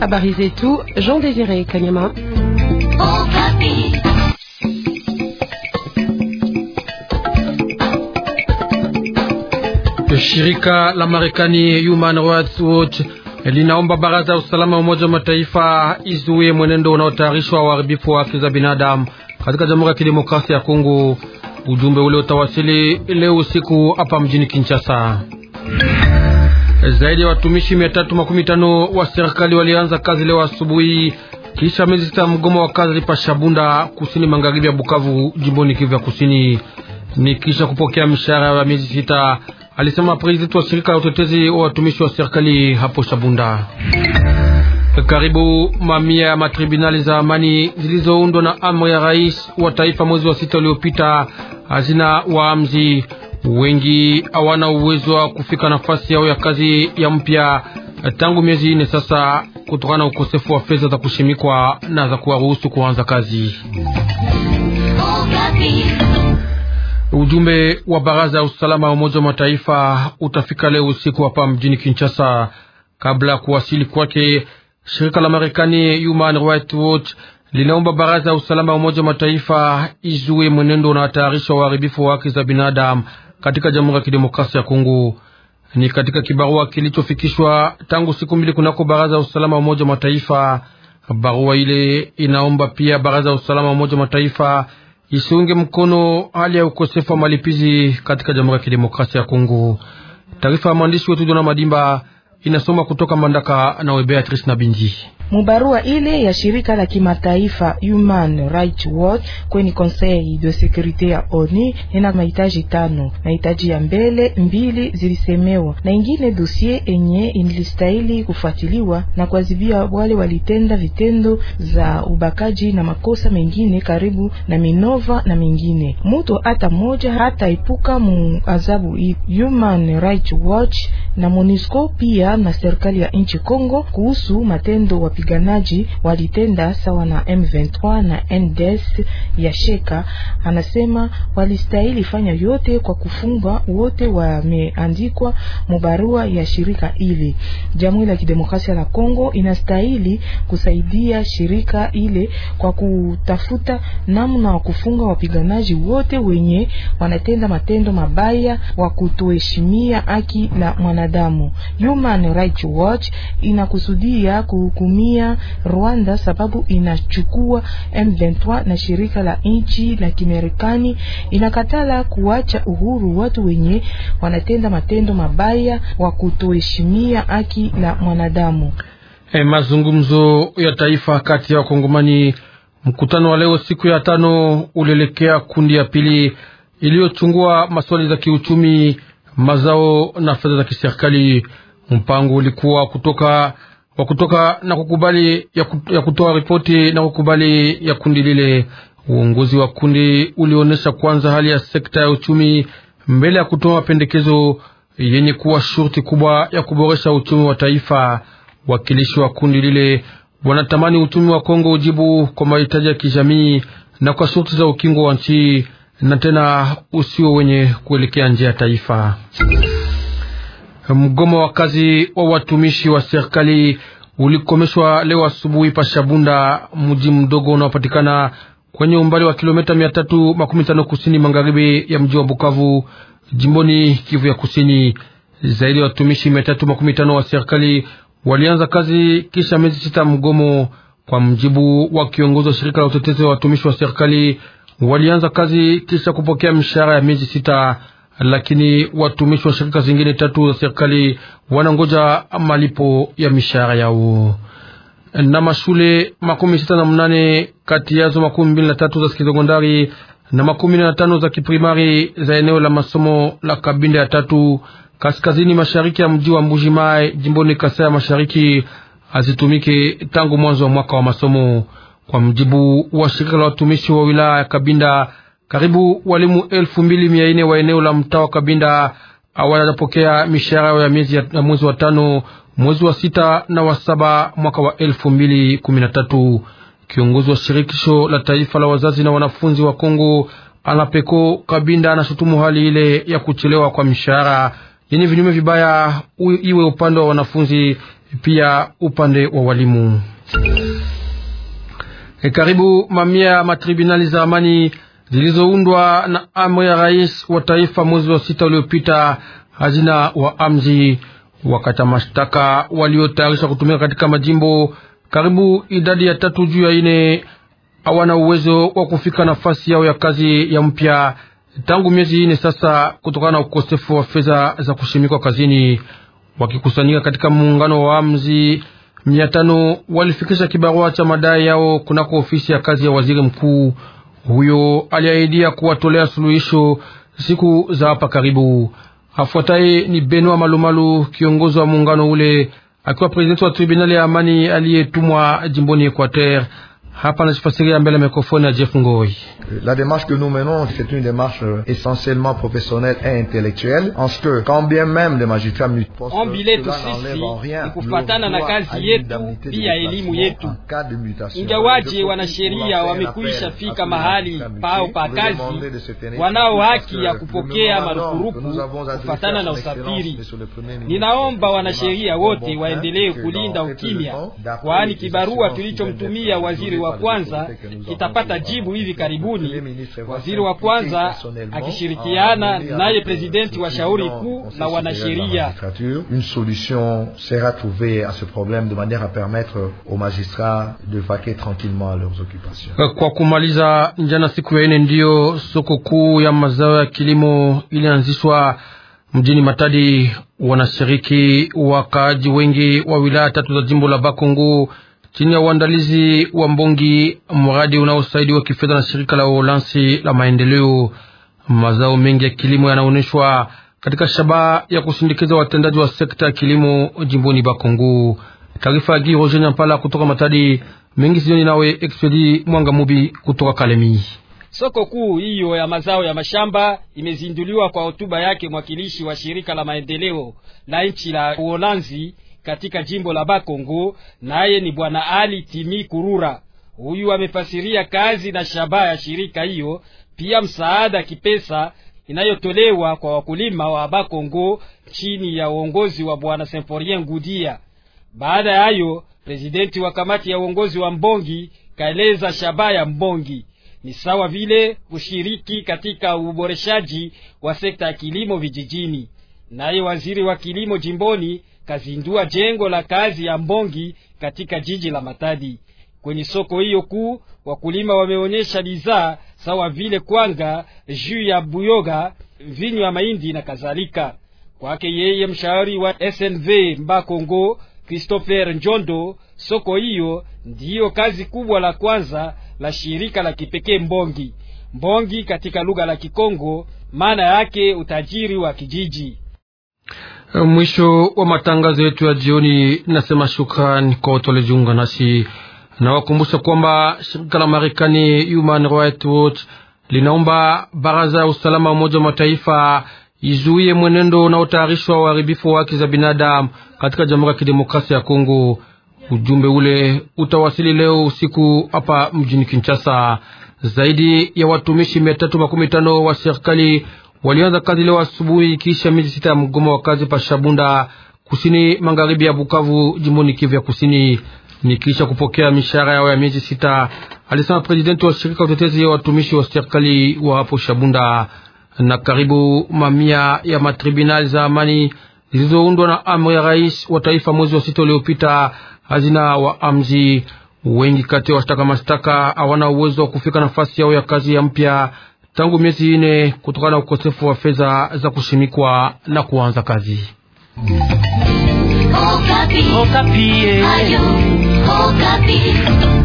Habari zetu Jean Désiré Kanyama. Shirika la Marekani Human Rights Watch linaomba baraza ya usalama Umoja wa Mataifa izuie mwenendo unaotayarishwa wa uharibifu wa haki za binadamu katika Jamhuri ya Kidemokrasia ya Kongo. Ujumbe ule utawasili leo usiku hapa mjini Kinshasa. Zaidi ya watumishi mia tatu makumi tano wa serikali walianza kazi leo asubuhi kisha miezi sita mgomo wa kazi shabunda kusini magharibi ya Bukavu, jimboni Kivu ya Kusini, ni kisha kupokea mshahara ya miezi sita, alisema presidenti wa shirika la utetezi wa watumishi wa serikali hapo Shabunda. Karibu mamia ya matribunali za amani zilizoundwa na amri ya rais wa taifa mwezi wa sita uliopita hazina waamzi wengi hawana uwezo wa kufika nafasi yao ya kazi ya mpya tangu miezi nne sasa, kutokana na ukosefu wa fedha za kushimikwa na za kuwaruhusu kuanza kazi. Ujumbe wa baraza ya usalama ya Umoja wa Mataifa utafika leo usiku hapa mjini Kinshasa. Kabla ya kuwasili kwake, shirika la Marekani Human Rights Watch linaomba baraza ya usalama wa Umoja wa Mataifa izue mwenendo na tayarisha uharibifu wa haki za binadamu katika Jamhuri ya Kidemokrasia ya Kongo. Ni katika kibarua kilichofikishwa tangu siku mbili kunako Baraza ya Usalama wa Umoja wa Mataifa. Barua ile inaomba pia Baraza ya Usalama wa Umoja wa Mataifa isiunge mkono hali ya ukosefu wa malipizi katika Jamhuri ya Kidemokrasia ya Kongo. Taarifa ya mwandishi wetu Jona Madimba inasoma kutoka Mandaka na Webeatrice na binji Mubarua ile ya shirika la kimataifa Human Rights Watch kweni Conseil de Securite ya ONU ina mahitaji tano. Mahitaji ya mbele mbili zilisemewa na ingine dosie enye ilistahili kufuatiliwa na kuadhibia wale walitenda vitendo za ubakaji na makosa mengine karibu na Minova na mengine. Mutu hata moja hata epuka muazabu hii. Human Rights Watch na MONUSCO pia na serikali ya nchi Kongo kuhusu matendo wa wapiganaji walitenda sawa na M23 na NDS ya Sheka. Anasema walistahili fanya yote kwa kufungwa wote wameandikwa mubarua ya shirika ile. Jamhuri ya Kidemokrasia la Kongo inastahili kusaidia shirika ile kwa kutafuta namna wa kufunga wapiganaji wote wenye wanatenda matendo mabaya wa kutoheshimia haki la mwanadamu. Human Rights Watch inakusudia kuhukumia kutumia Rwanda sababu inachukua M23 na shirika la nchi la Kimerikani inakatala kuacha uhuru watu wenye wanatenda matendo mabaya wa kutoheshimia haki la mwanadamu. E, mazungumzo ya taifa kati ya Wakongomani. Mkutano wa leo siku ya tano ulielekea kundi ya pili iliyochungua maswali za kiuchumi, mazao na fedha za kiserikali. Mpango ulikuwa kutoka wa kutoka na kukubali ya kutoa ripoti na kukubali ya kundi lile. Uongozi wa kundi ulionyesha kwanza hali ya sekta ya uchumi mbele ya kutoa mapendekezo yenye kuwa shurti kubwa ya kuboresha uchumi wa taifa. Wakilishi wa kundi lile wanatamani uchumi wa Kongo ujibu kwa mahitaji ya kijamii na kwa shurti za ukingo wa nchi na tena usio wenye kuelekea njia ya taifa. Mgomo wa kazi wa watumishi wa serikali ulikomeshwa leo asubuhi pa Shabunda, mji mdogo unaopatikana kwenye umbali wa kilomita mia tatu makumi tano kusini magharibi ya mji wa Bukavu, jimboni Kivu ya Kusini. Zaidi ya watumishi mia tatu makumi tano wa serikali walianza kazi kisha miezi sita mgomo. Kwa mjibu wa kiongozi wa shirika la utetezi wa watumishi wa serikali, walianza kazi kisha kupokea mishahara ya miezi sita lakini watumishi wa shirika zingine tatu za serikali wanangoja malipo ya mishahara yao. Na mashule makumi sita na mnane kati yazo makumi mbili na tatu za sekondari na makumi na tano za kiprimari za eneo la masomo la Kabinda ya tatu kaskazini mashariki ya mji wa Mbuji Mai jimboni Kasai ya mashariki hazitumike tangu mwanzo wa mwaka wa masomo, kwa mjibu wa shirika la watumishi wa wilaya ya Kabinda. Karibu walimu elfu mbili mia nne wa eneo la mtaa wa Kabinda hawajapokea mishahara yao ya miezi ya mwezi wa tano, mwezi wa sita na wa saba mwaka wa elfu mbili kumi na tatu. Kiongozi wa shirikisho la taifa la wazazi na wanafunzi wa Kongo anapeko Kabinda anashutumu hali ile ya kuchelewa kwa mishahara yenye vinyume vibaya, iwe upande wa wanafunzi pia upande wa walimu. E, karibu mamia ya matribunali za amani zilizoundwa na amri ya rais wa taifa mwezi wa sita uliopita, hazina wa amzi wakata mashtaka waliotayarisha kutumika katika majimbo karibu idadi ya tatu juu ya ine hawana uwezo wa kufika nafasi yao ya kazi ya mpya tangu miezi ine sasa, kutokana na ukosefu wa fedha za kushimikwa kazini. Wakikusanyika katika muungano wa amzi mia tano walifikisha kibarua cha madai yao kunako ofisi ya kazi ya waziri mkuu. Huyo aliahidia kuwatolea suluhisho siku za hapa karibu. Afuataye ni Benoit Malumalu, kiongozi wa muungano ule, akiwa prezidenti wa tribunali ya amani aliyetumwa jimboni Equateur hapa anajifasiria mbele mikrofoni ya Jeff Ngoi. La démarche que nous menons c'est une démarche euh, essentiellement professionnelle et intellectuelle en ce que quand bien même les magistrats ombi si, si, ni kufatana na kazi yetu pia elimu yetu. Ingawaje wanasheria wamekwisha fika mahali pao pa kazi, wanao haki ya kupokea marukuruku kufatana na usafiri. Ninaomba wanasheria wote waendelee kulinda ukimya, kwani kibarua tulichomtumia waziri wa kwanza kitapata jibu hivi karibuni. Waziri wa kwanza akishirikiana naye presidenti wa shauri kuu na wanasheria. Une solution sera trouvée à ce problème de manière à permettre aux magistrats de vaquer tranquillement à leurs occupations. Euh, kwa kumaliza, njana siku ya ine ndio soko kuu ya mazao ya kilimo ilianzishwa mjini Matadi. Wanashiriki wakaaji wengi wa wilaya tatu za jimbo la Bakungu chini ya uandalizi wa Mbongi, mradi wa kifedha na shirika la Uholanzi la maendeleo. Mazao mengi ya kilimo yanaonyeshwa katika shabaha ya kusindikiza watendaji wa sekta ya kilimo jimboni Bakongo. Taarifa ya Giroje Nyampala kutoka Matadi mengi sioni nawe Expedi Mwanga Mubi kutoka Kalemi. Soko kuu hiyo ya mazao ya mashamba imezinduliwa kwa hotuba yake mwakilishi wa shirika la maendeleo la nchi la Uholanzi katika jimbo la Bakongo, naye ni bwana Ali Timi Kurura. Huyu amefasiria kazi na shabaha ya shirika hiyo, pia msaada kipesa inayotolewa kwa wakulima wa Bakongo chini ya uongozi wa bwana Semporien Ngudia. Baada ya hayo, prezidenti wa kamati ya uongozi wa Mbongi kaeleza shabaha ya Mbongi ni sawa vile kushiriki katika uboreshaji wa sekta ya kilimo vijijini. Naye waziri wa kilimo jimboni kazindua jengo la kazi ya Mbongi katika jiji la Matadi. Kwenye soko hiyo kuu, wakulima wameonyesha bidhaa sawa vile kwanga, juu ya buyoga, vinyu ya mahindi na kadhalika. Kwake yeye mshauri wa SNV mbakongo Christopher Njondo, soko hiyo ndiyo kazi kubwa la kwanza la shirika la kipekee Mbongi. Mbongi katika lugha la Kikongo maana yake utajiri wa kijiji. Mwisho wa matangazo yetu ya jioni, nasema shukran kwa wote waliojiunga nasi Nawakumbusha kwamba shirika la Marekani Human Rights Watch linaomba baraza ya usalama wa Umoja wa Mataifa izuie mwenendo unaotayarishwa uharibifu wa haki za binadamu katika Jamhuri ya Kidemokrasia ya Kongo. Ujumbe ule utawasili leo usiku hapa mjini Kinshasa. Zaidi ya watumishi mia tatu makumi tano wa serikali walianza kazi leo asubuhi kisha miezi sita ya mgomo wa kazi pa Shabunda kusini magharibi ya Bukavu jimboni Kivu ya kusini ni kisha kupokea mishahara yao ya miezi sita, alisema presidenti wa shirika utetezi ya watumishi wa serikali wa hapo Shabunda. Na karibu mamia ya matribunali za amani zilizoundwa na amri ya rais wa taifa mwezi wa sita uliopita hazina waamzi. Wengi kati ya washtaka mashtaka hawana uwezo wa kufika nafasi yao ya kazi ya mpya tangu miezi ine kutokana na ukosefu wa fedha za kushimikwa na kuanza kazi. Okapi. Okapi. Eh. Ayu, Okapi.